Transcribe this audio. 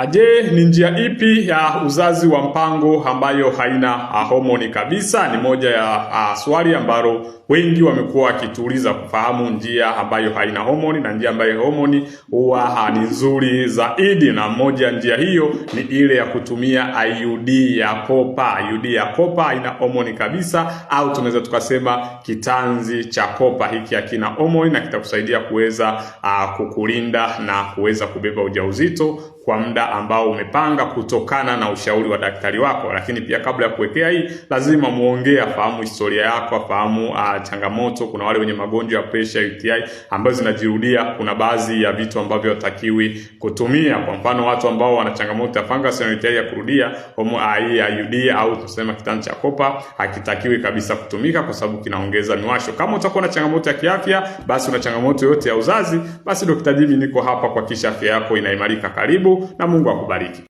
Aje, ni njia ipi ya uzazi wa mpango ambayo haina homoni kabisa? Ni moja ya a, swali ambalo wengi wamekuwa wakituuliza kufahamu njia ambayo haina homoni na njia ambayo homoni huwa ni nzuri zaidi, na moja njia hiyo ni ile ya kutumia IUD ya kopa. IUD ya kopa haina homoni kabisa, au tunaweza tukasema kitanzi cha kopa. Hiki hakina homoni na kitakusaidia kuweza kukulinda na kuweza kubeba ujauzito kwa muda ambao umepanga kutokana na ushauri wa daktari wako. Lakini pia kabla ya kuwekea hii, lazima muongee, afahamu historia yako, afahamu uh, changamoto. Kuna wale wenye magonjwa ya pressure, UTI ambazo zinajirudia. Kuna baadhi ya vitu ambavyo watakiwi kutumia, kwa mfano watu ambao wana changamoto ya fungus na UTI ya kurudia, homo ai ah, ya UD au tunasema kitanda cha kopa hakitakiwi kabisa kutumika kwa sababu kinaongeza miwasho. Kama utakuwa na changamoto ya kiafya, basi una changamoto yote ya uzazi, basi Dr. Jimmy niko hapa kuhakikisha afya yako inaimarika. Karibu na Mungu akubariki.